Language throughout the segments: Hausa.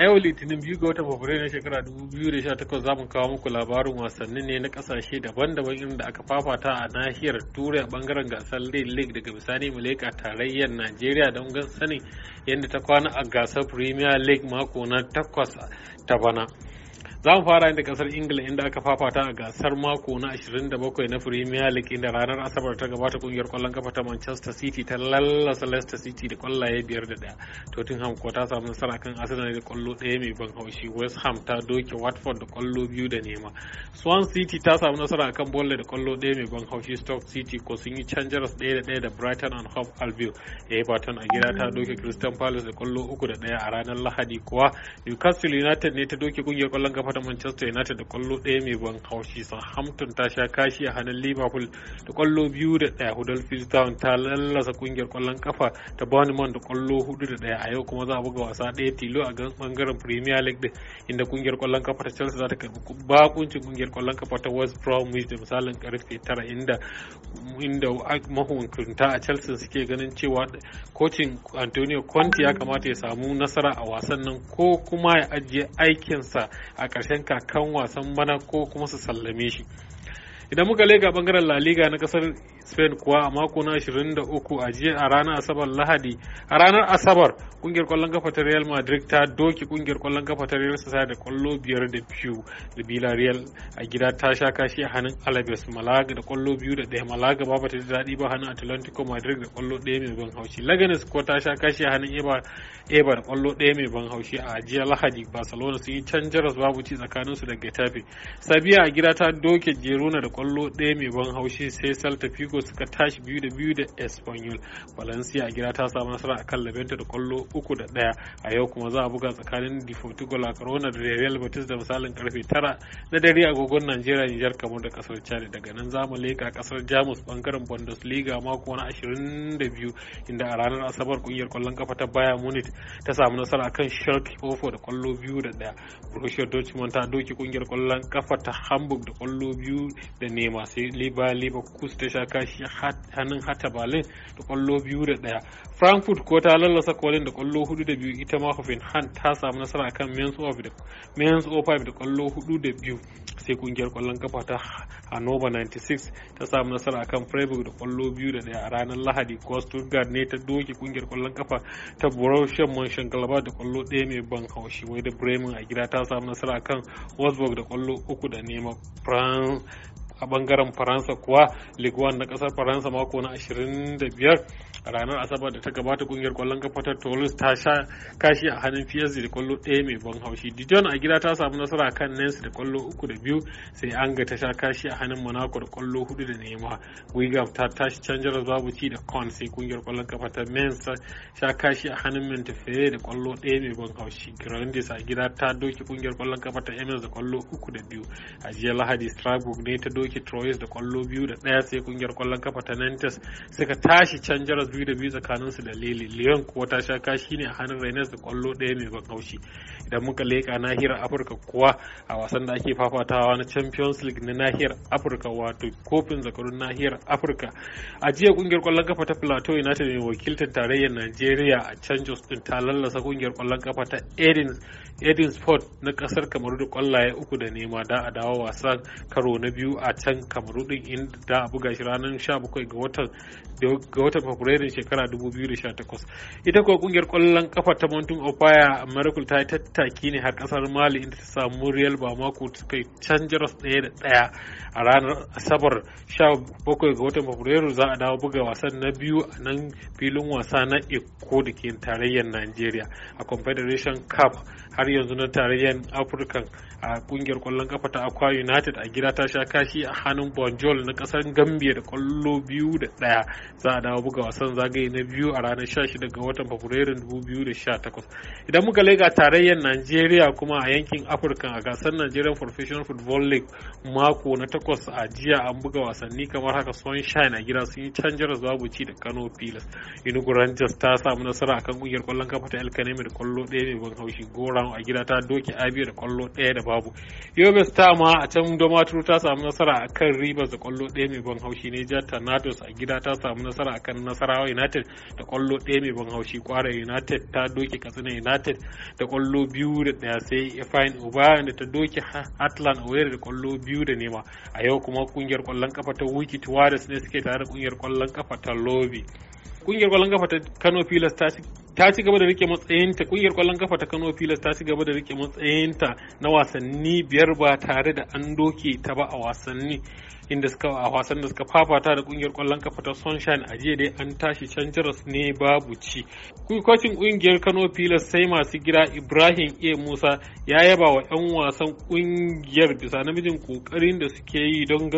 a yau litinin biyu ga watan fabrairu na shekara 2018 za mu kawo muku labarin wasannin ne na kasashe daban-daban inda aka fafata a nahiyar turai a bangaren gasar league daga bisani malaika tarayyar najeriya don gan sanin yadda ta kwana a gasar premier league mako na takwas ta bana za mu fara da kasar ingila inda aka fafata a gasar mako na 27 na premier league inda ranar asabar ta gabata kungiyar kwallon kafa ta manchester city ta lallasa leicester city da kwallaye biyar da daya tottenham ko ta samu nasara kan arsenal da kwallo daya mai ban haushi west ham ta doke watford da kwallo biyu da nema swan city ta samu nasara kan bolle da kwallo daya mai ban haushi stoke city ko sun yi changers daya da daya da brighton and hove albion everton a gida ta doke crystal palace da kwallo uku da daya a ranar lahadi kuwa newcastle united ne ta doke kungiyar kwallon kafa fada da Manchester United da kwallo ɗaya mai ban haushi Southampton ta sha kashi a hannun Liverpool da kwallo biyu da ɗaya Huddersfield Town ta lallasa kungiyar kwallon kafa ta Bournemouth da kwallo hudu da ɗaya a yau kuma za a buga wasa ɗaya tilo a bangaren Premier League din inda kungiyar kwallon kafa ta Chelsea za ta karbi bakuncin kungiyar kwallon kafa ta West Bromwich da misalin karfe tara inda inda mahukunta a Chelsea suke ganin cewa kocin Antonio Conte ya kamata ya samu nasara a wasan nan ko kuma ya ajiye aikinsa a karshen kakan wasan bana ko kuma su sallame shi idan muka lega bangaren la liga na kasar spain kuwa a mako na 23 a jiya a ranar asabar lahadi a ranar asabar kungiyar kwallon kafa ta real madrid ta doki kungiyar kwallon kafa ta real sasa da kwallo biyar da biyu da villarreal a gida ta sha kashi a hannun alaves malaga da kwallo biyu da ɗaya malaga ba ta daɗi ba hannun atlantico madrid da kwallo ɗaya mai ban haushi laganes kuwa ta sha kashi a hannun eba da kwallo ɗaya mai ban haushi a jiya lahadi barcelona sun yi can jaras babu ci tsakanin su da getafe sabiya a gida ta doke jeruna da kwallo ɗaya mai ban haushi sai salta figo suka tashi biyu da biyu da espanyol valencia a gida ta samu nasara a kan labenta da kwallo uku da ɗaya a yau kuma za a buga tsakanin deportivo la corona da real betis da misalin karfe tara na dare agogon najeriya nijar kamar da kasar chad daga nan za mu leƙa kasar jamus bangaren bundesliga mako na ashirin biyu inda a ranar asabar kungiyar kwallon kafa ta bayern munich ta samu nasara kan schalke 04 da kwallo biyu da ɗaya borussia dortmund ta doki kungiyar kwallon kafa ta hamburg da kwallo biyu da nema sai liba liba kus ta sha kashi hannun hata berlin da kwallo biyu da daya frankfurt ko ta lallasa kwallon da kwallo hudu da biyu ita ma hoffenheim ta samu nasara akan mainz 05 da kwallo hudu da biyu sai kungiyar kwallon kafa ta Hannover 96 ta samu nasara akan Freiburg da kwallo biyu da daya a ranar Lahadi ko Stuttgart ne ta doke kungiyar kwallon kafa ta Borussia Mönchengladbach da kwallo ɗaya mai ban haushi wai da Bremen a gida ta samu nasara akan Wolfsburg da kwallo uku da nema a bangaren faransa kuwa ligue na kasar faransa mako na 25 a ranar asabar da ta gabata kungiyar kwallon kafa ta toulouse ta sha kashi a hannun psg da kwallo ɗaya mai ban haushi dijon a gida ta samu nasara kan nens da kwallo uku da biyu sai anga ta sha kashi a hannun monaco da kwallo hudu da nema wigan ta tashi canjar babu ci da con sai kungiyar kwallon kafa ta mens ta sha kashi a hannun montefiore da kwallo ɗaya mai ban haushi grandis a gida ta doki kungiyar kwallon kafa ta ms da kwallo uku da biyu a jiya lahadi strasbourg ne ta doki doki troyes da kwallo biyu da ɗaya sai kungiyar kwallon kafa ta nantes suka tashi can jaras biyu da biyu tsakanin su da lele lyon kuwa ta sha kashi ne a hannun raines da kwallo daya mai ban haushi idan muka leƙa nahiyar afirka kuwa a wasan da ake fafatawa na champions league na nahiyar afirka wato kofin zakarun nahiyar afirka a jiya kungiyar kwallon kafa ta plateau united mai wakiltar tarayyar nigeria a can jos din ta lallasa kungiyar kwallon kafa ta edin sport na kasar kamaru da kwallaye uku da nema da a dawo wasan karo na biyu a can kamaru din inda da a buga shi ranar 17 ga watan ga watan shekara 2018 ita kuwa kungiyar kwallon kafa ta mountain of fire miracle ta yi tattaki ne har kasar mali inda ta samu real bamako ta kai can jaros ɗaya da ɗaya a ranar asabar 17 ga watan fabrairu za a dawo buga wasan na biyu a nan filin wasa na eko da ke tarayyar nigeria a confederation cup har yanzu na tarayyar afirka a kungiyar kwallon kafa ta akwa united a gida ta sha kashi a hannun Bonjol na kasar Gambia da kwallo biyu da daya za a dawo buga wasan zagaye na biyu a ranar 16 ga watan Fabrairun 2018. Idan muka lega tarayyar Najeriya kuma a yankin Afirka a gasar Nigerian Professional Football League mako na takwas a jiya an buga wasanni kamar haka Sunshine a gida sun yi canjar babu ci da Kano Pilas. Inugu Rangers ta samu nasara akan kungiyar kwallon kafa ta El Kanemi da kwallo ɗaya mai ban haushi Goran a gida ta doke Abia da kwallo daya da babu. Yobe Star ma a can Domaturu ta samu nasara nasara kan riba da kwallo ɗaya mai ban haushi ne jihar Tornadoes a gida ta samu nasara akan Nasarawa United da kwallo ɗaya mai ban haushi Kwara United ta doke Katsina United da kwallo biyu da ɗaya sai Ifeanyi obayan da ta doke Atlan wayar da kwallo biyu da nema a yau kuma kungiyar kwallon kafa ta Wiki tuwa da suke tare da kungiyar kwallon kafa ta lobby kungiyar kwallon kafa ta Kano Pilas ta ta ci gaba da rike matsayinta kungiyar kwallon kafa ta Kano Pilas ta ci gaba da rike matsayinta na wasanni biyar ba tare da an doke ta ba a wasanni inda suka a wasan da suka fafata da kungiyar kwallon kafa ta Sunshine a jiya dai an tashi can ne babu ci. Kocin kungiyar Kano Pilas sai masu gida Ibrahim A Musa ya yaba wa 'yan wasan kungiyar bisa namijin kokarin da suke yi don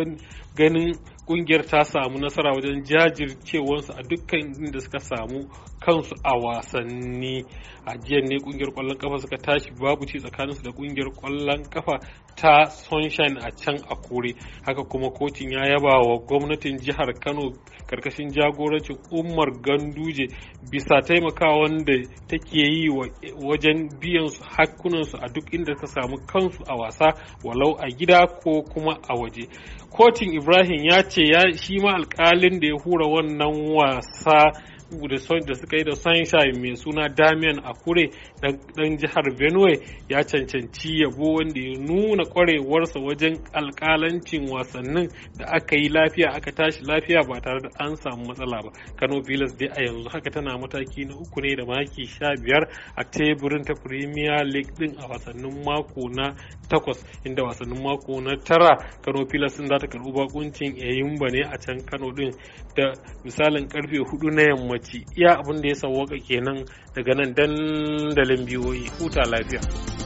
ganin kungiyar ta samu nasara wajen jajircewarsu a dukkan inda suka samu kansu a wasanni a jiyan ne kungiyar kwallon kafa suka tashi babu ci su da kungiyar kwallon kafa ta sunshine a can a kore haka kuma kotun ya yaba wa gwamnatin jihar kano karkashin jagorancin umar ganduje bisa taimakawa wanda take yi wajen biyan su hakkunansu a duk inda ta samu kansu a wasa walau a gida ko kuma a waje Kotun ibrahim ya ce ya shi ma alkalin da ya hura wannan wasa da suka yi da sunshine mai suna damian akure dan jihar benue ya cancanci yabo wanda ya nuna kwarewarsa wajen alkalancin wasannin da aka yi lafiya aka tashi lafiya ba tare da an samu matsala ba kano villas dai a yanzu haka tana mataki na uku ne da maki sha biyar a teburin ta premier league din a wasannin mako na takwas inda wasannin mako na tara kano villas din za ta karbi bakuncin ba ne a can kano din da misalin karfe hudu na yamma ci iya abin da ya sauwaka kenan daga nan dandalin biyoyi e. huta lafiya.